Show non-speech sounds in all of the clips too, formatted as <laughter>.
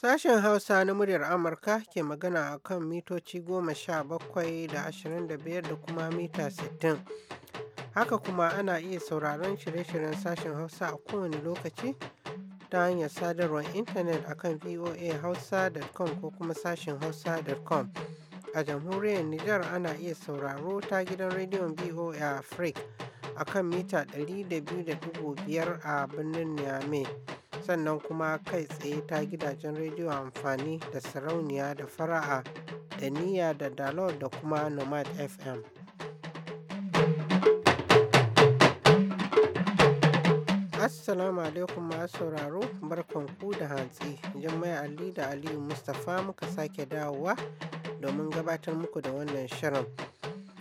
Sashen Hausa na muryar Amurka ke magana a kan mitoci goma sha bakwai da ashirin da biyar da kuma mita sittin. Haka kuma ana iya sauraron shirye-shiryen sashen Hausa a kowane lokaci ta hanyar sadarwar intanet akan Hausa.com ko kuma sashen hausa.com. a jamhuriyar Nijar ana iya sauraro ta gidan rediyon VOA Africa a kan mita 200.5 a birnin Niamey. Sannan kuma kai tsaye ta gidajen rediyo amfani da sarauniya da fara'a da niyya da dalot da kuma nomad FM. Assalamu alaikum masu sauraro barkanku da hantsi. Jummai Ali da Aliyu Mustapha muka sake dawowa domin gabatar muku da wannan shirin.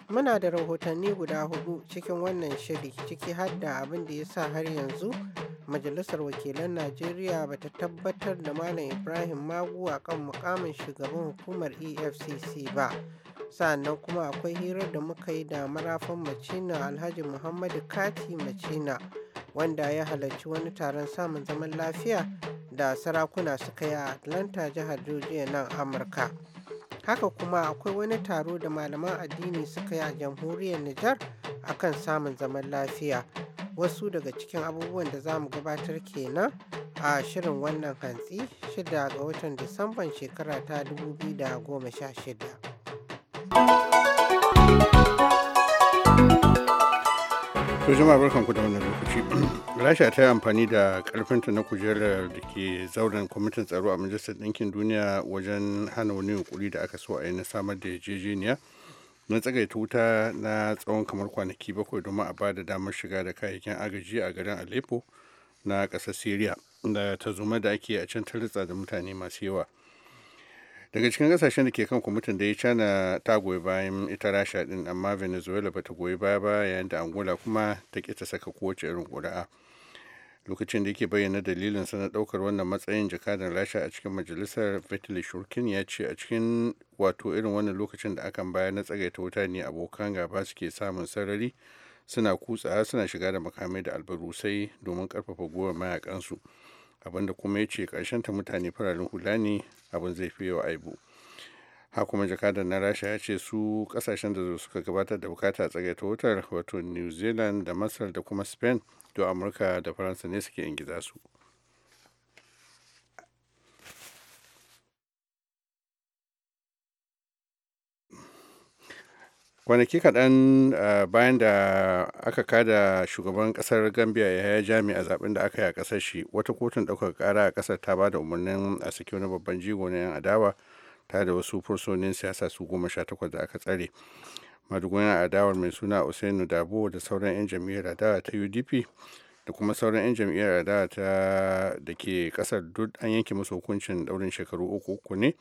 Muna da rahotanni guda hudu cikin wannan shiri ciki har da abin da ya sa har yanzu Majalisar Wakilan Najeriya ba ta tabbatar da Malam Ibrahim Magu a kan mukamin shugaban hukumar EFCC ba. Sannan kuma akwai hirar da muka yi da marafan Macina Alhaji Muhammadu Kati Macina. wanda ya halarci wani taron samun zaman lafiya da sarakuna suka yi a atlanta jihar georgia nan amurka haka kuma akwai wani taro da malaman addini suka yi a jamhuriyar nijar akan samun zaman lafiya wasu daga cikin abubuwan da za mu gabatar kenan a shirin wannan hantsi shida ga watan disamban shekara ta 2016 to jama'a barkanku da wannan lokaci <clears throat> rasha ta yi amfani da karfinta na kujerar da ke zauren kwamitin tsaro a majalisar ɗinkin duniya wajen hana wani yunkuri da aka so a yi na samar da yarjejeniya na tsagaita wuta na tsawon kamar kwanaki bakwai domin a ba da damar shiga da kayayyakin agaji a garin aleppo na ƙasar syria da ta zuma da ake a can ta da mutane masu yawa daga cikin kasashen da ke kan kwamitin da ya cana ta goyi bayan ita rasha din amma venezuela bata goyi baya ba yayin da angola kuma ta ƙi ta saka kowace irin ƙuri'a lokacin da yake bayyana dalilin sana ɗaukar wannan matsayin jakadan rasha a cikin majalisar vitali shurkin ya ce a cikin wato irin wannan lokacin da akan baya na tsagaita wuta ne abokan gaba suke samun sarari suna kutsa suna shiga da makamai da albarusai domin karfafa goma mayakansu abinda kuma ya ce karshen ta mutane fararen hula ne abin zai fi yau aibu ha kuma jakadar na rasha ya ce su kasashen da suka gabatar da bukata tsagaita wutar wato new zealand da masar da kuma spain to amurka da faransa ne suke ingiza su kwanaki kaɗan eh, bayan da aka kada shugaban ƙasar gambia ya yi jami a zaben da aka yi a ƙasar shi wata kotun ɗaukar ƙara a ƙasar ta ba da umarnin a saki wani babban jigo na 'yan adawa ta da wasu fursunin siyasa su goma sha takwas da aka tsare madugunan adawar mai suna usainu dabo da sauran 'yan jam'iyyar adawa ta udp da kuma sauran 'yan jam'iyyar adawa ta da ke ƙasar duk an yanke musu hukuncin ɗaurin shekaru uku uku ne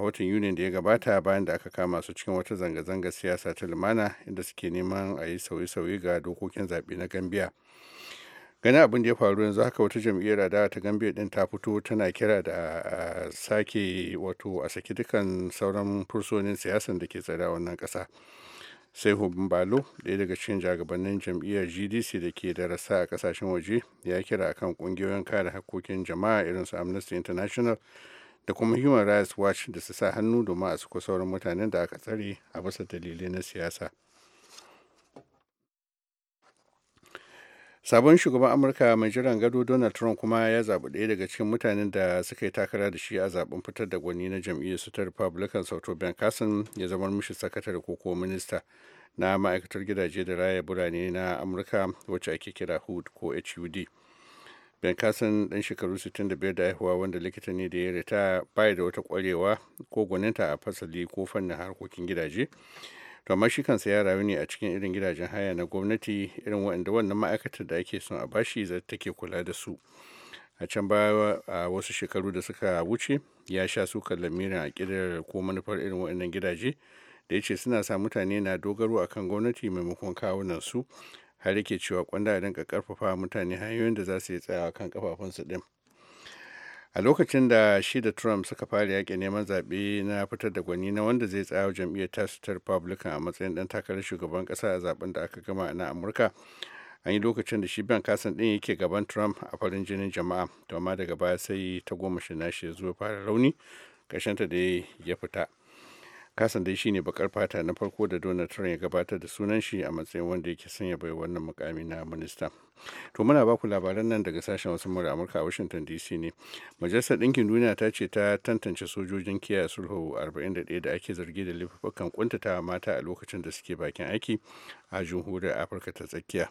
a watan yunin da ya gabata bayan da aka kama su cikin wata zanga-zangar siyasa ta lumana inda suke neman a yi sauye-sauye ga dokokin zaɓe na gambia gani abin da ya faru yanzu haka wata jam'iyyar adawa ta gambia din ta fito tana kira da a sake wato a saki dukkan sauran fursonin siyasan da ke tsada wannan ƙasa sai hubin balo ɗaya daga cikin jagabannin jam'iyyar gdc da ke da rasa a ƙasashen waje ya kira akan ƙungiyoyin kare haƙƙoƙin jama'a irin su amnesty international da kuma human rights watch da su sa hannu domin a suko sauran mutanen da aka tsare a bisa dalilai na siyasa sabon shugaban amurka mai jiran gado donald trump kuma ya zaɓi ɗaya daga cikin mutanen da suka yi takara da shi a zaben fitar da gwani na jam'iyyar su ta republican sauto ben carson ya zama mishi sakatare ko kuma minista na ma'aikatar gidaje da raya birane na amurka wacce ake kira hud ko hud Ben kasan ɗan shekaru 65 da haihuwa wanda likita ne da ya rita baya da wata kwarewa ko gwaninta a fasali ko fannin harkokin gidaje. To amma shi kansa ya rayu ne a cikin irin gidajen haya na gwamnati irin waɗanda wannan ma'aikatar da ake son a bashi za take kula da su. a can baya a wasu shekaru da suka wuce ya sha su lamirin a kidar ko manufar irin wannan gidaje da ya ce suna sa mutane na dogaro a kan gwamnati maimakon kawunan su har yake cewa kwanda ya rinka karfafa mutane hanyoyin da za su yi tsayawa kan kafafunsu din a lokacin da shi da trump suka fara yaƙi neman zaɓe na fitar da gwani na wanda zai tsaya jam'iyyar tasu ta republican a matsayin ɗan takarar shugaban ƙasa a zaben da aka gama na amurka an yi lokacin da shi ben kasan ɗin yake gaban trump a farin jinin jama'a to amma daga baya sai ta goma shi na shi zuwa fara rauni ƙarshenta da ya fita kasan dai shine bakar fata na farko da donald trump ya gabatar da sunan shi a matsayin wanda yake sanya bai wannan mukami na minista to muna baku labaran nan daga sashen wasu mura amurka a washington dc ne majalisar ɗinkin duniya ta ce ta tantance sojojin kiyaye sulhu 41 da ake zargi da laifukan kuntata mata a lokacin da suke bakin aiki a jamhuriyar afirka ta tsakiya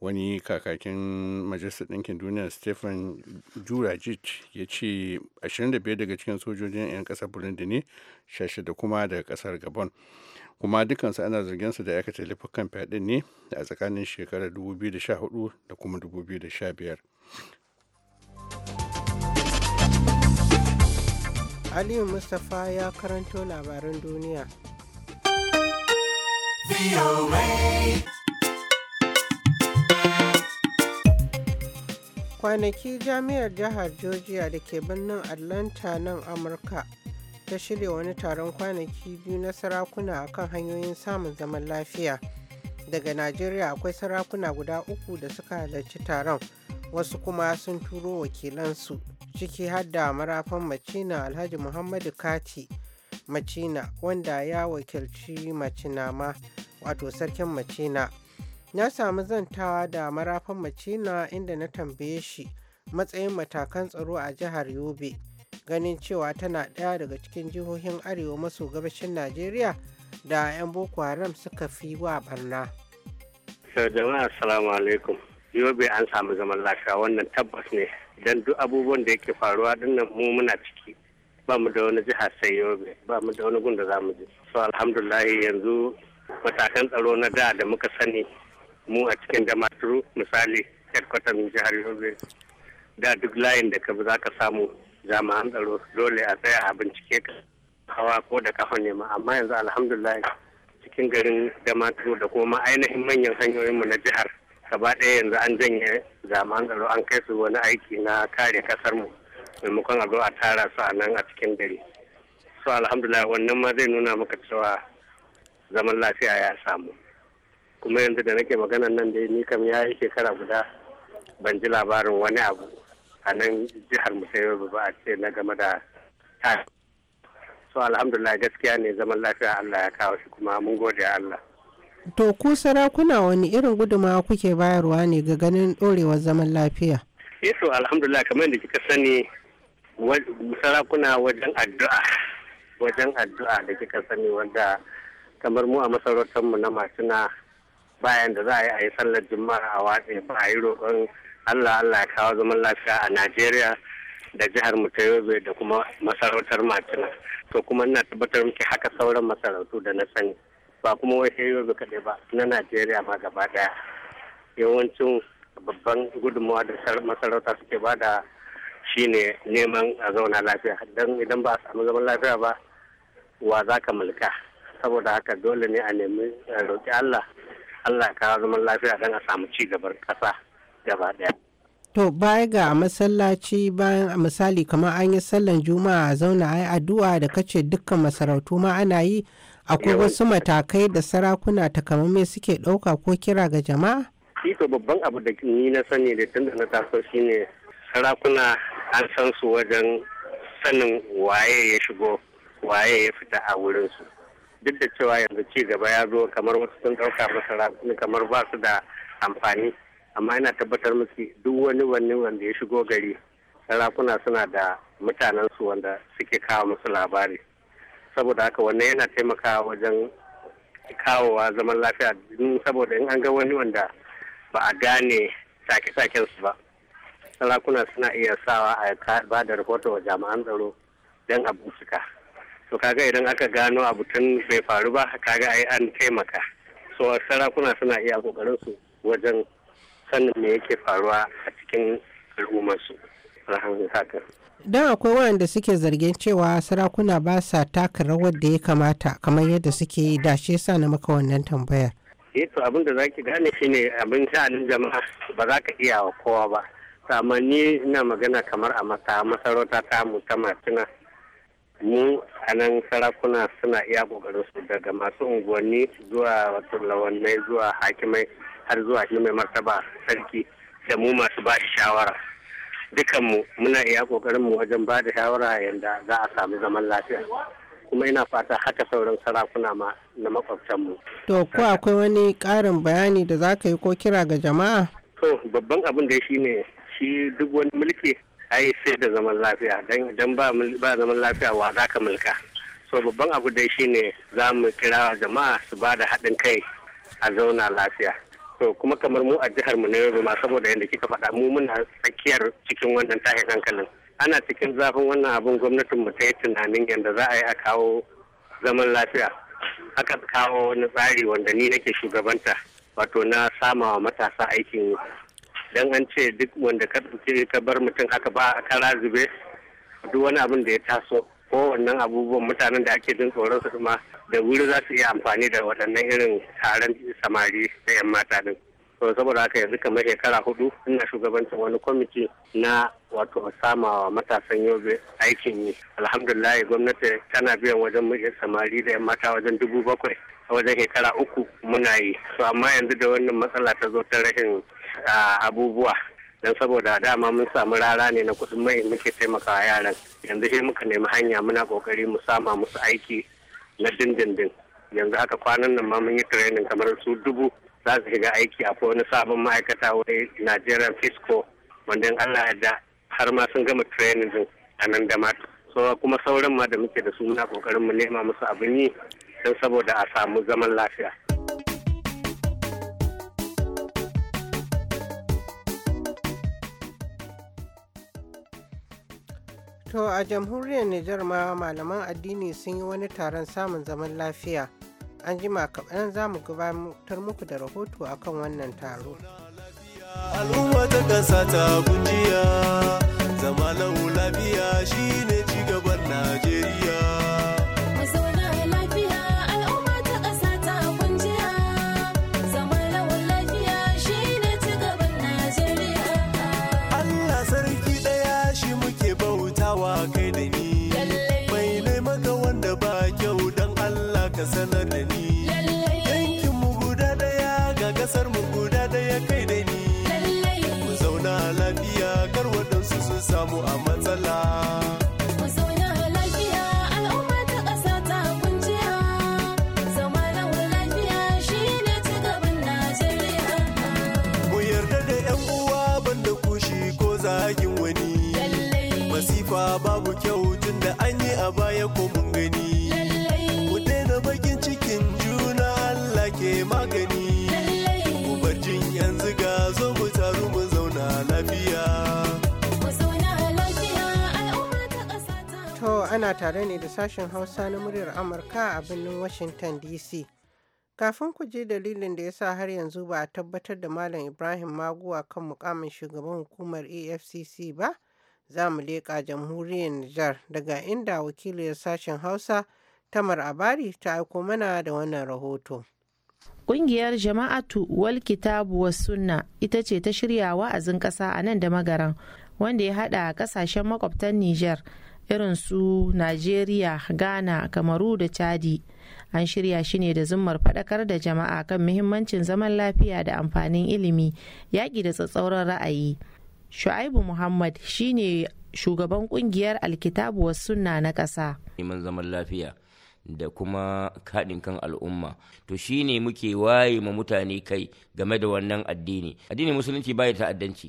wani kakakin majalisar ɗinkin duniya stephen jurajic ya ce 25 daga cikin sojojin 'yan ƙasar burundi ne shashi da kuma daga ƙasar gabon kuma dukansu ana zargin su da aikata laifukan fyaɗe ne a tsakanin shekarar 2014 da kuma 2015 Aliyu Mustapha ya karanto labaran duniya. kwanaki jami'ar jihar georgia da ke birnin atlanta nan amurka ta shirya wani taron kwanaki biyu na sarakuna akan hanyoyin samun zaman lafiya daga najeriya akwai sarakuna guda uku da suka halarci taron wasu kuma sun turo wakilansu ciki har marafan macina alhaji muhammadu kati macina wanda ya wakilci macinama wato sarkin macina na samu zantawa da marafan macina inda na tambaye shi matsayin matakan tsaro a jihar yobe ganin cewa tana ɗaya daga cikin jihohin arewa maso gabashin najeriya da 'yan boko haram suka fi wa barna jama'a assalamu alaikum yobe an samu zaman lafiya wannan tabbas ne don duk abubuwan da yake faruwa dinnan mu muna ciki ba mu da wani jihar sai yobe ba mu da wani gun da za mu je so alhamdulahi yanzu matakan tsaro na da da muka sani mu a cikin damaturu misali headquarter jihar yobe da duk layin da ka bi za ka samu jami'an tsaro dole a tsaya a bincike ka hawa ko da kafa ne ma amma yanzu alhamdulillah cikin garin damaturu da kuma ainihin manyan hanyoyinmu na jihar gaba ɗaya yanzu an janye jami'an tsaro an kai su wani aiki na kare kasar mu maimakon a zo a tara su a nan a cikin gari so alhamdulillah wannan ma zai nuna maka cewa zaman lafiya ya samu kuma yanzu da nake magana nan dai ni kam ya yi shekara guda ban ji labarin wani abu a nan jihar mu ta ba a ce na game da so alhamdulillah gaskiya ne zaman lafiya Allah ya kawo shi kuma mun gode Allah to ku sarakuna wani irin gudumawa kuke bayarwa ne ga ganin dorewa zaman lafiya eh alhamdulillah kamar yadda kika sani sarakuna wajen addu'a wajen addu'a da kika sani wanda kamar mu a masarautar mu na masuna bayan da za a yi a yi sallar juma'a a watse ba a yi roƙon allah allah ya kawo zaman lafiya a najeriya da jihar mu ta da kuma masarautar macina to kuma ina tabbatar muke haka sauran masarautu da na sani ba kuma wai yobe kaɗai ba na najeriya ma gaba ɗaya yawancin babban gudunmawa da masarauta suke ba bada shine neman a zauna lafiya don idan ba a samu zaman lafiya ba wa za ka mulka saboda haka dole ne a nemi roƙi Allah Allah kawo zaman lafiya don a samu ci gaban ƙasa gaba ɗaya. To baya ga masallaci bayan misali kamar an yi sallan juma'a a zauna a yi addu'a da kace dukkan masarautu ma ana yi akwai wasu matakai da sarakuna takamaimai suke ɗauka ko kira ga jama'a? Ito babban abu da ni na sani da tun na taso shine sarakuna an san su wajen sanin waye ya shigo waye ya fita a wurin su duk da cewa yanzu ci gaba ya zo kamar wasu sun ɗauka masara kamar ba su da amfani amma yana tabbatar musu duk wani wani wanda ya shigo gari sarakuna suna da mutanensu wanda suke kawo musu labari saboda haka wannan yana taimakawa wajen kawowa zaman lafiya saboda in an ga wani wanda ba a gane sake-saken su ba sarakuna suna iya sawa a ba da rahoto wa jami'an tsaro don a suka to kaga idan aka gano abu tun bai faru ba kaga ai an taimaka so sarakuna suna iya kokarin su wajen sanin me yake faruwa a cikin al'ummarsu Dan akwai waɗanda suke zargin cewa sarakuna ba sa taka rawar da ya kamata kamar yadda suke yi dashe sa na maka wannan tambayar eh to abin da zaki gane shine abin sha'anin jama'a ba za ka iya wa kowa ba amma ni ina magana kamar a masarauta ta mu ta matuna mu a nan sarakuna suna iya kokarin su daga masu unguwanni zuwa lawannai zuwa hakimai har zuwa shi mai martaba sarki da mu masu ba shawara dukanmu muna iya kokarin mu wajen ba da shawara yadda za a sami zaman lafiya kuma ina fata haka sauran sarakuna ma na mu To ko akwai wani karin bayani da za ka yi ko kira ga jama'a? To babban abin da shi ne shi duk wani mulki ai sai da zaman lafiya don idan ba zaman lafiya wa za ka mulka so babban abu dai shine za mu kira jama'a su ba da haɗin kai a zauna lafiya to kuma kamar mu a jihar mu na yau ma saboda yadda kika faɗa mu muna tsakiyar cikin wannan tashin hankalin ana cikin zafin wannan abin gwamnatin mu ta yi tunanin yadda za a yi a kawo zaman lafiya aka kawo wani tsari wanda ni nake shugabanta wato na samawa matasa aikin don an ce duk wanda ka ɗauke ka bar mutum haka ba a kara zube duk wani abin da ya taso ko wannan abubuwan mutanen da ake jin tsoron su ma da wuri za su iya amfani da waɗannan irin taron samari da 'yan mata din. to saboda haka yanzu kamar shekara hudu ina shugabancin wani kwamiti na wato sama wa matasan yobe aikin yi alhamdulillah gwamnati tana biyan wajen muke samari da yan mata wajen dubu bakwai a wajen shekara uku muna yi to amma yanzu da wannan matsala ta zo ta rashin A abubuwa don saboda dama mun samu rara ne na kudin mai muke taimakawa yaran yanzu sai muka nemi hanya muna kokari mu sama musu aiki na dindindin yanzu haka kwanan nan ma mun yi training kamar su dubu za su shiga aiki a wani sabon ma'aikata wani Nigerian Fisco wanda Allah ya da har ma sun gama training din a nan da ma so kuma sauran ma da muke da su muna kokarin mu nema musu abin yi don saboda a samu zaman lafiya. To a jamhuriyar Nijar ma malaman addini sun yi wani taron samun zaman lafiya. An jima kaɗan za mu gabatar muku da rahoto akan wannan taro. Al'umma ta ƙasa ta zama Najeriya. ana tare ne da sashen Hausa na muryar Amurka a birnin Washington DC. Kafin ku je dalilin da ya sa har yanzu ba a tabbatar da Malam Ibrahim Maguwa kan mukamin shugaban hukumar AFCC ba, za mu leƙa jamhuriyar Nijar daga inda wakiliyar sashen Hausa Tamar Abari ta aiko mana da wannan rahoto. Ƙungiyar Jama'atu wal Kitabu Sunna ita ce ta shirya wa'azin ƙasa a nan da magaran wanda ya haɗa ƙasashen makwabtan Nijar. irin su Najeriya, Ghana, Kamaru da Chadi. An shirya shi ne da zummar faɗakar da jama'a kan muhimmancin zaman lafiya da amfanin ilimi, yaƙi da tsatsauran ra'ayi. Shu'aibu Muhammad shi ne shugaban ƙungiyar alkitabu wasu sunna na ƙasa. Neman zaman lafiya da kuma kaɗin kan al'umma. To shi ne muke waye ma mutane kai game da wannan addini. Addinin musulunci baya ta'addanci.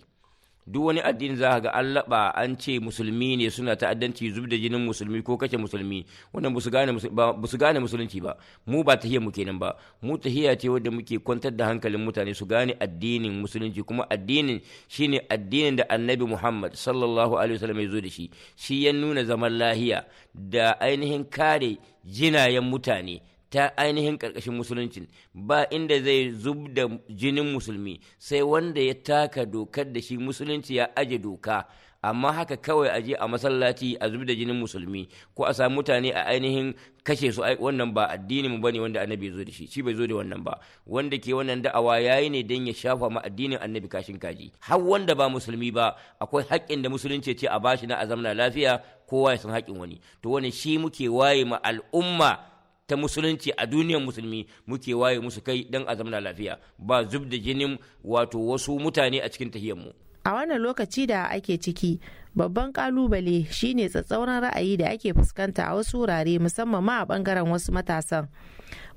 duk wani addini za ga an laɓa an ce musulmi ne suna ta'addanci zub da jinin musulmi ko kashe musulmi wannan ba su gane musulunci ba mu ba tahiyar mu kenan ba mu tahiya ce wadda muke kwantar da hankalin mutane su gane addinin musulunci kuma addinin shine addinin da annabi muhammad sallallahu alaihi wasallam ya zo da shi shi ya nuna zaman lahiya da ainihin kare jinayen mutane ta ainihin ƙarƙashin musulunci ba inda zai zub da jinin musulmi sai wanda ya taka dokar da shi musulunci ya aje doka amma haka kawai aje a masallaci a zub da jinin musulmi ko a samu mutane a ainihin kashe su wannan ba addinin mu bane wanda annabi zo da shi shi bai zo da wannan ba wanda ke wannan da'awa yayi ne dan ya shafa ma addinin annabi kashin kaji har wanda ba musulmi ba akwai haƙƙin da musulunci ce a bashi na azamna lafiya kowa ya san haƙƙin wani to wannan shi muke waye ma al'umma ta musulunci a duniyar musulmi muke waye musu kai dan a zamana lafiya ba zub da jinin wato wasu mutane a cikin mu. a wannan lokaci da ake ciki babban kalubale shine tsatsauran ra'ayi da ake fuskanta a wasu wurare musamman ma a bangaren wasu matasan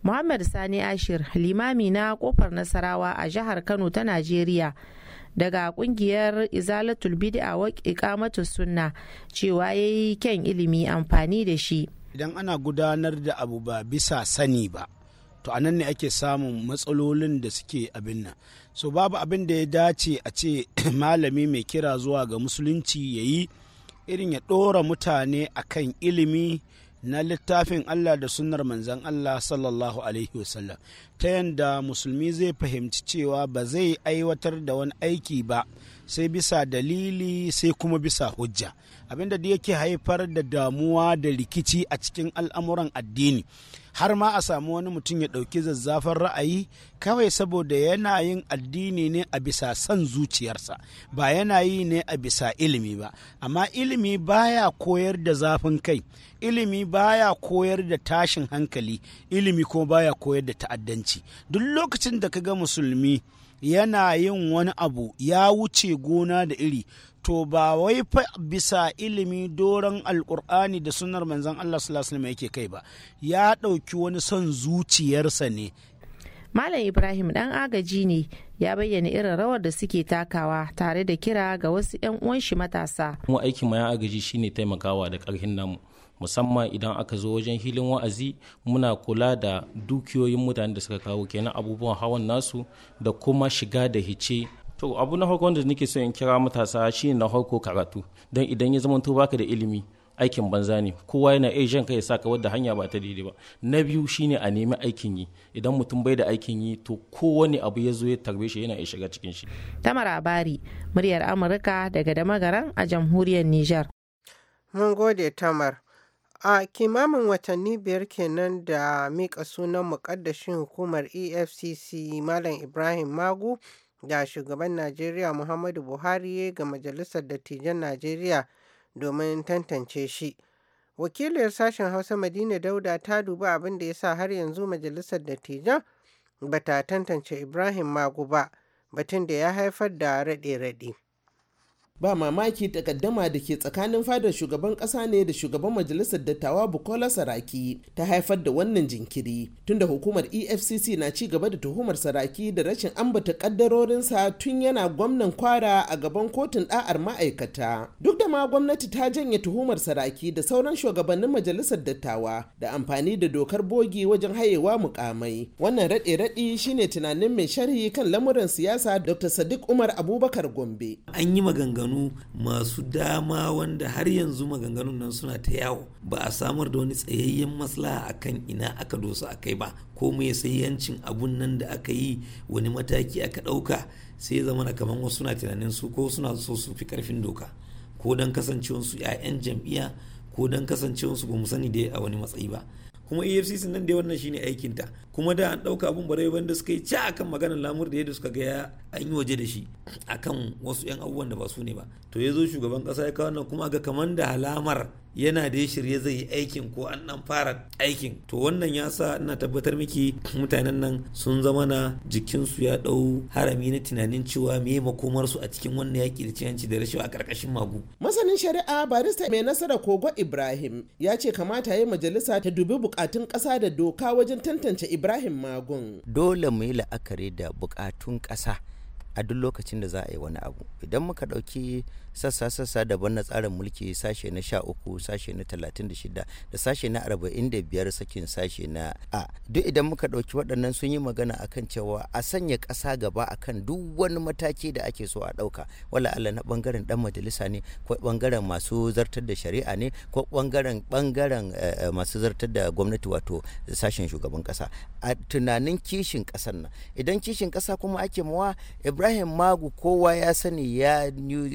muhammad sani ashir limami na kofar nasarawa a jihar kano ta najeriya daga kungiyar izalatul bid'a wa iqamatus sunna cewa yayi kyan ilimi amfani da shi idan ana gudanar da abu ba bisa sani ba to a nan ne ake samun matsalolin da suke abin nan so babu abin da ya dace a ce <clears throat> malami mai kira zuwa ga musulunci ya yi irin ya ɗora mutane a kan ilimi na littafin Allah da sunnar manzan Allah sallallahu alaihi wasallam ta yadda musulmi zai fahimci cewa ba zai aiwatar da wani aiki ba sai bisa dalili sai kuma bisa hujja abin da yake haifar da damuwa da rikici a cikin al'amuran addini har ma a samu wani mutum ya ɗauki zazzafan ra'ayi kawai saboda yana yin addini ne a bisa son zuciyarsa ba yana yi ne a bisa ilimi ba amma ilimi baya koyar da zafin kai ilimi baya koyar da tashin hankali ilimi kuma baya koyar da ta'addanci duk lokacin da ka ga musulmi yana yin wani abu ya wuce gona da iri to ba wai fa bisa ilimi doron alkur'ani da sunar manzon Allah sallallahu yake kai ba ya ɗauki wani son zuciyarsa ne Malam Ibrahim dan agaji ne ya bayyana irin rawar da suke takawa tare da kira ga wasu 'yan uwan shi matasa. Mu aikin ya agaji shine taimakawa da karhin namu. musamman idan aka zo wajen hilin wa'azi muna kula da dukiyoyin mutane da suka kawo kenan abubuwan hawan nasu da kuma shiga da hice to abu na farko wanda nake so in kira matasa shine na farko karatu don idan ya zama baka da ilimi aikin banza ne kowa yana iya jan kai ya saka wadda hanya ba ta daidai ba na biyu shine a nemi aikin yi idan mutum bai da aikin yi to kowane abu ya zo ya tarbe shi yana iya shiga cikin shi tamara bari muryar amurka daga damagaran a jamhuriyar niger mun gode tamar A kimamin watanni biyar kenan da mika sunan muƙaddashin hukumar EFCC Malam Ibrahim Magu da shugaban Najeriya Muhammadu Buhari ga Majalisar Dattijan Najeriya domin tantance shi. Wakiliyar sashen Hausa Madina Dauda ta duba abin da ya sa har yanzu Majalisar Dattijan bata tantance Ibrahim Magu ba, batun da ya haifar da raɗe-raɗe. ba mamaki takaddama da ke tsakanin fadar shugaban kasa ne da shugaban majalisar dattawa bukola saraki ta haifar da wannan jinkiri tunda hukumar efcc na ci gaba da tuhumar saraki da rashin ambata kaddarorinsa tun yana gwamnan kwara a gaban kotun da'ar ma'aikata duk da ma gwamnati ta janye tuhumar saraki da sauran shugabannin majalisar dattawa da amfani da dokar bogi wajen hayewa mukamai wannan raɗe-raɗi shine tunanin mai sharhi kan lamuran siyasa dr sadiq umar abubakar gombe an yi maganganu maganganu masu dama wanda har yanzu maganganun nan suna ta yawo ba a samar da wani tsayayyen maslaha kan ina aka dosa a kai ba ko sai yancin abun nan da aka yi wani mataki aka ɗauka sai ya zama kamar wasu suna tunanin su ko suna so su fi karfin doka ko don kasancewarsu 'ya'yan jam'iyya ko don kasancewarsu ba mu sani dai a wani matsayi ba kuma efcc nan dai wannan shine aikinta kuma da an ɗauka abin barai wanda suka yi ci akan maganar lamur da yadda suka gaya ya an yi waje da shi akan wasu 'yan abubuwan da ba su ne ba to ya zo shugaban ƙasa ya kawo nan kuma ga kamar da halamar yana da ya shirye zai yi aikin ko an dan fara aikin to wannan ya sa ina tabbatar miki mutanen nan sun zama na jikinsu ya dau harami na tunanin cewa me makomarsu a cikin wannan yaƙi da ciyanci da rashawa a ƙarƙashin magu masanin shari'a barista mai nasara kogo ibrahim ya ce kamata ya yi majalisa ta dubi bukatun kasa da doka wajen tantance ibrahim. ibrahim magun dole mu yi la'akari da bukatun ƙasa a duk lokacin da za a yi wani abu idan muka ɗauki sassa-sassa daban na tsarin mulki sashe na 13 sashe na 36 da sashe na 45 sakin sashe na a duk idan muka ɗauki waɗannan sun yi magana akan cewa a sanya ƙasa gaba a kan duk wani mataki da ake so a ɗauka wala Allah na ɓangaren ɗan majalisa ne ko ɓangaren masu zartar da shari'a ne ko ɓangaren ɓangaren eh, eh, masu zartar da gwamnati wato sashen shugaban ƙasa a tunanin kishin ƙasar nan idan kishin ƙasa kuma ake mawa Ibrahim Magu kowa ya sani ya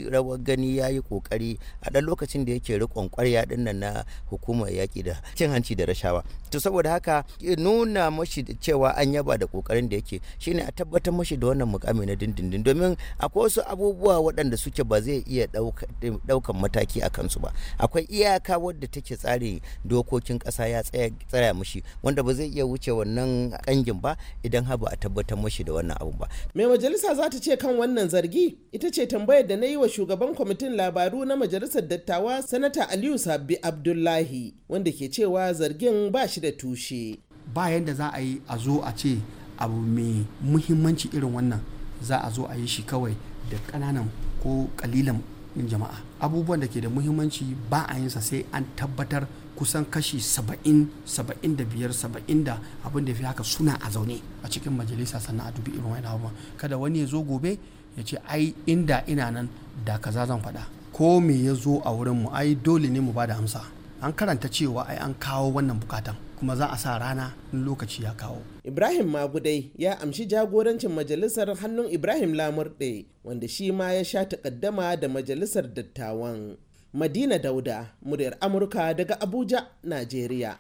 rawa gani ya yi kokari a ɗan lokacin da yake riƙon ƙwarya ɗin nan na hukumar yaƙi da cin hanci da rashawa to saboda haka nuna mashi cewa an yaba da kokarin da yake shine a tabbatar mashi da wannan mukami na dindindin domin akwai wasu abubuwa waɗanda suke ba zai iya ɗaukan mataki a kansu ba akwai iyaka wadda take tsari dokokin ƙasa ya tsaya mashi wanda ba zai iya wuce wannan ƙangin ba idan ha ba a tabbatar mashi da wannan abu ba. Mai majalisa za ta ce kan wannan zargi ita ce tambayar da na yi wa shugaban kwamitin labaru na majalisar dattawa sanata aliyu Sabi abdullahi wanda ke cewa zargin ba shi da tushe ba yadda za a yi a zo a ce abu mai muhimmanci irin wannan za a zo a yi shi kawai da kananan ko kalilan jama'a abubuwan da ke da muhimmanci ba a yinsa sai an tabbatar kusan kashi 70 75 70 abin da fi haka suna a zaune a cikin majalisa sannan a dubi irin wani abubuwan kada wani ya zo gobe ya ce ai inda ina nan da kaza zan faɗa ko me ya zo a wurin mu ai dole ne mu ba da amsa an karanta cewa ai an kawo wannan bukatan kuma za a sa rana in lokaci ya kawo. Ibrahim Magudai ya amshi jagorancin majalisar hannun Ibrahim Lamurde wanda shi ma ya sha takaddama da majalisar dattawan. Madina Dauda, muryar Amurka daga Abuja, Najeriya.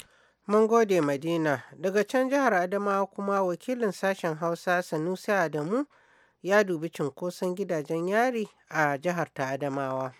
Mun gode Madina, daga can jihar Adamawa kuma wakilin sashen Hausa Sanusi Adamu ya dubi cunkoson gidajen yari a jihar ta Adamawa.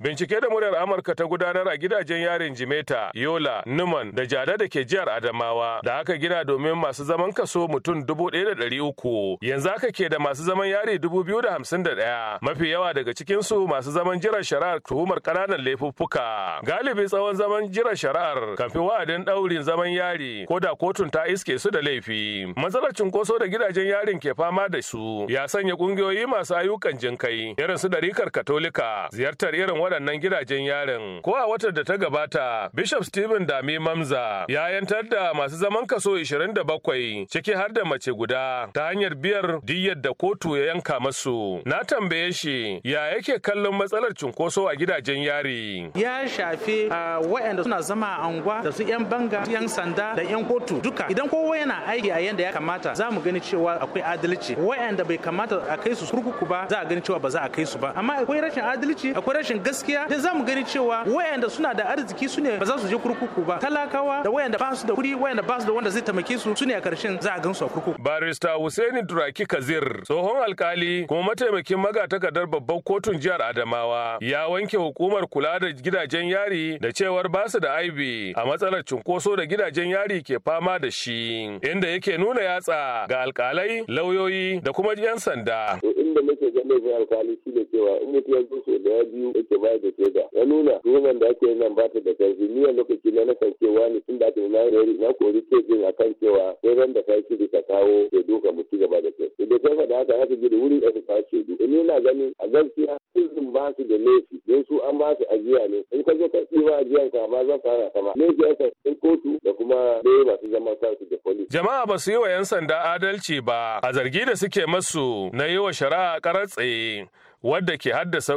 Bincike da muryar Amurka ta gudanar a gidajen yarin Jimeta, Yola, Numan da Jada da ke jihar Adamawa da aka gina domin masu zaman kaso mutum uku, Yanzu aka ke da masu zaman yari ɗaya, mafi yawa daga cikinsu masu zaman jiran shari'ar tuhumar ƙananan laifuffuka. Galibi tsawon zaman jiran shari'ar kan fi wa'adin ɗaurin zaman yari ko da kotun ta iske su da laifi. Matsalar cunkoso da gidajen yarin ke fama da su ya sanya ƙungiyoyi masu ayyukan jinkai irin su ɗarikar Katolika ziyartar irin waɗannan gidajen yarin. Ko a watar da ta gabata, Bishop Stephen Dami Mamza ya yantar da masu zaman kaso 27 ciki har da mace guda ta hanyar biyar diyyar da kotu ya yanka masu. Na tambaye shi ya yake kallon matsalar cunkoso a gidajen yari. Ya shafi ah, waɗanda suna zama a anguwa da su 'yan banga, 'yan sanda da 'yan kotu duka. Idan kowa yana aiki a yanda ya kamata za mu gani cewa akwai adalci. Waɗanda bai kamata a kai su kurkuku ba za a gani cewa ba za a kai su ba. Amma akwai rashin adalci, akwai rashin gas gaskiya za zamu gani cewa wayanda suna da arziki su ne ba za su je kurkuku ba talakawa da wayanda ba su da kuri, wayanda ba su da wanda zai taimake su su ne a karshen za a gansu a kurkuku barista Husaini Duraki Kazir tsohon alkali kuma mataimakin magatakardar babban kotun jihar Adamawa ya wanke hukumar kula da gidajen yari da cewar ba su da aibi a matsalar cunkoso da gidajen yari ke fama da shi inda yake nuna yatsa ga alkalai lauyoyi da kuma 'yan sanda da nake ga zai alkali shi ne cewa in mutum ya zo da ya biyu yake ba da shaida ya nuna tuhuman da ake nan ba ta da karfi ni a lokaci na nakan cewa ni tun da ake na rari na kori jin a kan cewa sai ran da kai kiri ka kawo da duka mu ci gaba da kai idan kai faɗa haka haka da wuri da su kwace du ni na gani a gaskiya sun ba su da laifi don su an ba su ajiya ne in ka zo ka tsira ajiyan ka ma zan fara sama laifi ya kan kotu da kuma bai masu zaman kansu da police. jama'a ba su yi wa 'yan sanda adalci ba a zargi da suke masu na yi wa shari'a ta karatse wadda ke haddasa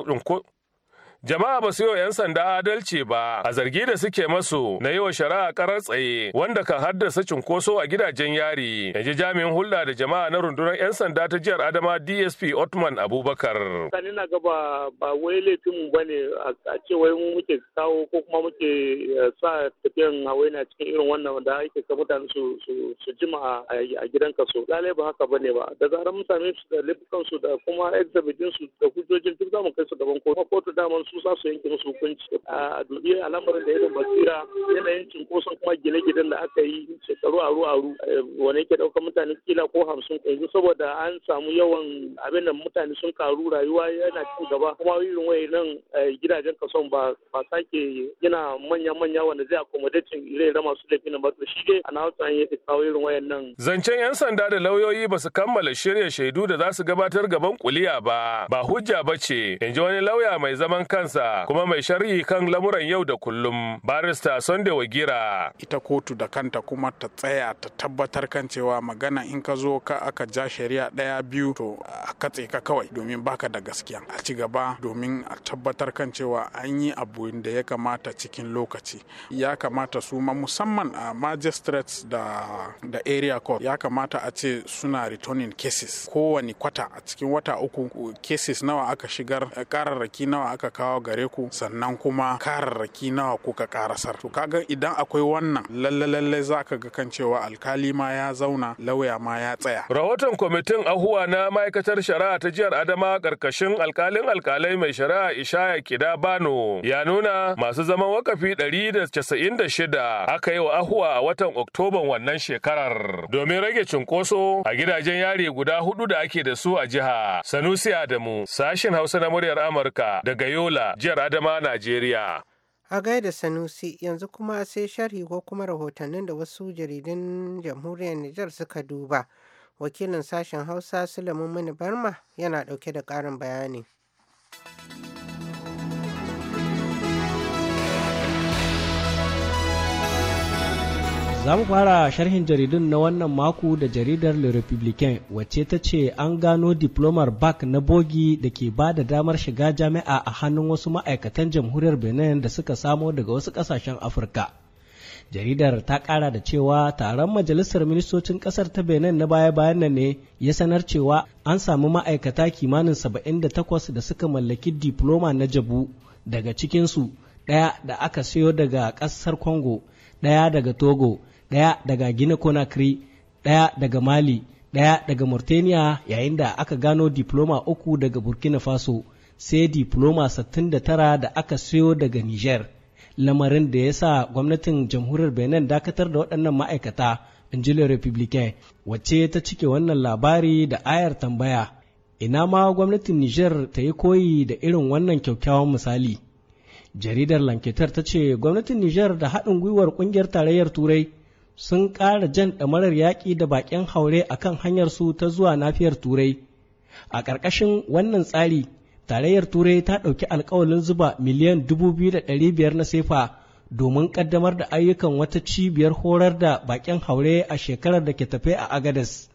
Jama'a ba su yi wa 'yan sanda adalci ba a zargi da suke masu na yi wa shari'a karar tsaye wanda kan haddasa cunkoso a gidajen yari. Yanzu jami'in hulɗa da jama'a na rundunar 'yan sanda ta jihar Adama DSP Otman Abubakar. Sani na gaba ba wai laifin mu bane a ce mu muke kawo ko kuma muke eh, sa tafiyan na cikin irin wannan da ake ka mutane su su jima a gidan kaso. Lalai ba haka bane ba. Da zarar mun su da laifukan su da kuma exhibitin su da hujjojin duk zamu kai su gaban kotu. Kotu daman su yankin su yanke a hukunci a dubi al'amarin da ya basira yanayin cunkoson kuma gine-ginen da aka yi shekaru aru aru eh, wani yake dauka mutane kila ko hamsin yanzu saboda an samu yawan abin da mutane sun karu rayuwa yana ci gaba kuma irin nan eh, gidajen kason ba ba sake gina manya-manya wanda zai akomodacin ire-ire masu laifin ba to shi dai na hausa an yake kawo irin nan. Zancen 'yan sanda da lauyoyi ba su kammala shirya shaidu da za su gabatar gaban kuliya ba ba hujja ba ce in ji wani lauya mai zaman kan kansa kuma mai shari'i kan lamuran yau da kullum barista Sunday Wagira. Ita kotu da kanta kuma ta tsaya ta tabbatar kan cewa magana in ka zo ka aka ja shari'a ɗaya biyu to a katse ka kawai domin baka da gaskiya a ci gaba domin a tabbatar kan cewa an yi abu da ya kamata cikin lokaci ya kamata su ma musamman a magistrates da da area court ya kamata a ce suna returning cases kowani kwata a cikin wata uku cases nawa aka shigar kararraki nawa aka kawo kawo gare ku sannan kuma kararraki nawa kuka karasar to kaga idan akwai wannan lalle lalle ka ga kan cewa alkali ma ya zauna lauya ma ya tsaya rahoton kwamitin ahuwa na ma'aikatar shari'a ta jihar adama karkashin alkalin alkalai mai shari'a ishaya kida bano ya nuna masu zaman wakafi ɗari da da casa'in shida aka yi wa ahuwa a watan oktoban wannan shekarar domin rage cunkoso a gidajen yari guda hudu da ake da su a jiha sanusi adamu sashin hausa na muryar amurka daga yola jiyar jihar Adama, Najeriya. A gaida Sanusi yanzu kuma sai sharhi ko kuma rahotannin da wasu jaridun jamhuriyar Nijar suka duba. Wakilin sashen Hausa Sulaiman Mani Barma yana ɗauke da ƙarin bayani. Za mu fara sharhin jaridun na wannan mako da jaridar Le Republicain wacce ta ce an gano diplomar bak na bogi da ke ba da damar shiga jami'a a hannun wasu ma'aikatan jamhuriyar Benin da suka samo daga wasu kasashen Afirka. Jaridar ta kara da cewa taron majalisar ministocin kasar ta Benin na baya-bayan nan ne ya sanar cewa an samu ma'aikata kimanin saba'in da takwas da suka mallaki diploma na jabu daga cikinsu ɗaya da aka siyo daga ƙasar Congo, ɗaya daga Togo, ɗaya daga Gine Conakry, ɗaya daga Mali, ɗaya daga Mauritania yayin da aka gano diploma uku daga Burkina Faso sai diploma 69 da aka siyo daga Niger. Lamarin da ya sa gwamnatin jamhuriyar Benin dakatar da waɗannan ma'aikata, in ji Republican, wacce ta cike wannan labari da ayar tambaya. Ina ma gwamnatin Niger ta yi koyi da irin wannan kyakkyawan misali. Jaridar Lanketar ta ce gwamnatin Niger da haɗin gwiwar ƙungiyar tarayyar Turai sun ƙara jan ɗamarar yaƙi da baƙin haure a kan hanyarsu ta zuwa nafiyar turai a ƙarƙashin wannan tsari tarayyar turai ta ɗauki alkawalin zuba miliyan da ɗari biyar na sefa domin ƙaddamar da ayyukan wata cibiyar horar da baƙin haure a shekarar da ke tafe a agadas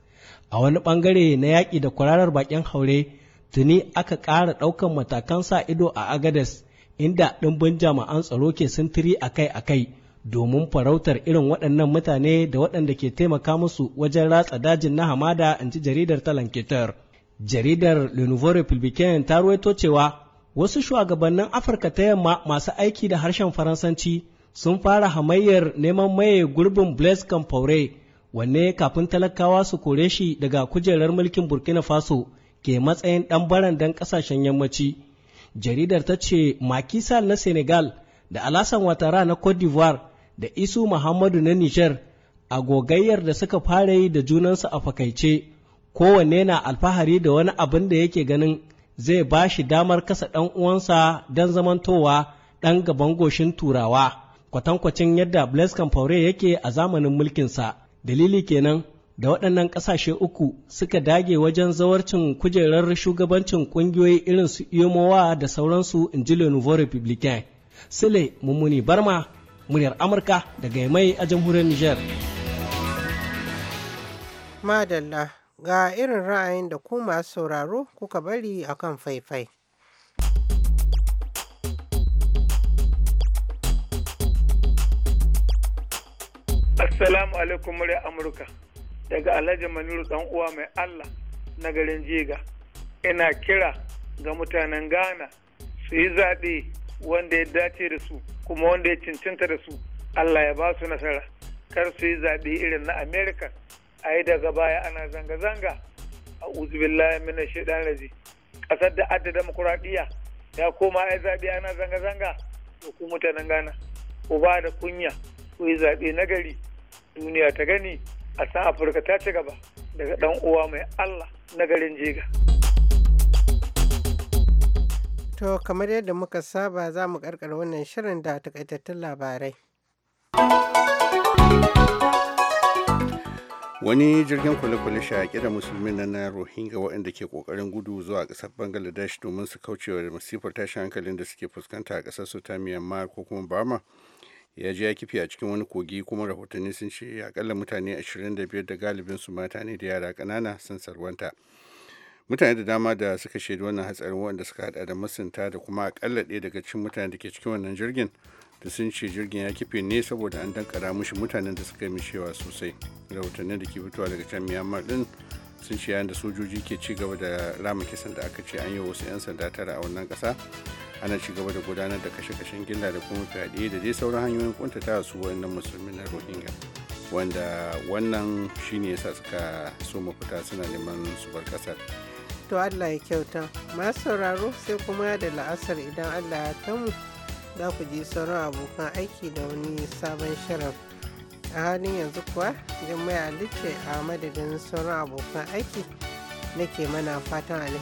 a wani ɓangare na yaƙi da kwararar baƙin haure tuni aka ƙara ɗaukan matakan sa ido a agadas inda ɗimbin jami'an tsaro ke sintiri akai-akai domin farautar irin waɗannan mutane da waɗanda ke taimaka musu wajen ratsa dajin na hamada in ji jaridar talanketar jaridar le nouveau republicain ta ruwaito cewa wasu shugabannin afirka ta yamma masu aiki da harshen faransanci sun fara hamayyar neman maye gurbin blaise Compaoré wanne kafin talakawa su kore shi daga kujerar mulkin burkina faso ke matsayin ɗan baran dan ƙasashen yammaci jaridar ta ce makisal na senegal da alasan watara na cote d'ivoire da Isu Muhammadu na Nijar a gogayyar da suka fara yi da junansu a fakaice, kowanne na alfahari da wani abin da yake ganin zai ba shi damar kasa ɗan uwansa don zamantowa ɗan gaban goshin turawa, kwatankwacin yadda Blaise Faure yake a zamanin mulkinsa. Dalili kenan da waɗannan ƙasashe uku suka dage wajen zawarcin kujerar shugabancin ƙungiyoyi irin su iyomowa da sauransu in ji le nouveau sule mummuni barma muryar Amurka daga mai a jamhuriyar Niger. Madalla ga irin ra'ayin da ku masu sauraro kuka bari akan faifai. Assalamu alaikum murya Amurka daga Alhaji Maniru dan uwa mai Allah na garin Jiga. Ina kira ga mutanen Ghana su yi zaɓe wanda ya dace da su. kuma wanda ya cincinta da su allah ya ba su nasara kar su yi zaɓe irin na amerika a yi daga baya ana zanga-zanga a uzubillahi mina shaidan raji ƙasar da adda demokuraɗiyya ya koma ya zaɓe ana zanga-zanga da ku mutanen ghana ku ba da kunya ku yi zaɓe na gari duniya ta gani a san afirka ta ci gaba daga ɗan uwa mai allah na garin jega. To kamar yadda muka saba za mu karkar wannan shirin da takaitattun labarai. Wani jirgin kwale-kwale shaƙi da musulmi na na Rohingya waɗanda ke ƙoƙarin gudu zuwa ƙasar Bangladesh domin su kaucewa masifar tashin hankalin da suke fuskanta a ƙasar su ta Myanmar ko kuma bama ya ji ya kifi a cikin wani kogi kuma rahotanni sun ce akalla mutane 25 da galibin su mata ne da yara ƙanana sun sarwanta. mutane da dama da suka shaidu wannan hatsarin wanda suka hada da masunta da kuma akalla ɗaya daga cikin mutane da ke cikin wannan jirgin da sun ce jirgin ya kife ne saboda an dankara mushi mutanen da suka yi mishewa sosai rahotannin da ke fitowa daga can myanmar din sun ce yayin da sojoji ke ci gaba da rama kisan da aka ce an yi wasu 'yan sanda tara a wannan kasa ana ci gaba da gudanar da kashe-kashen gilla da kuma fyaɗe da dai sauran hanyoyin kuntata su wannan musulmi na rohingya wanda wannan shine yasa suka so mafita suna neman su bar kasar To Allah ya kyauta. Masu sauraro sai kuma da la'asar idan Allah ya kamu za ku ji sauran abokan aiki da wani sabon shirin. A halin yanzu kuwa jami'a Alice a madadin sauran abokan aiki nake mana fatan alheri.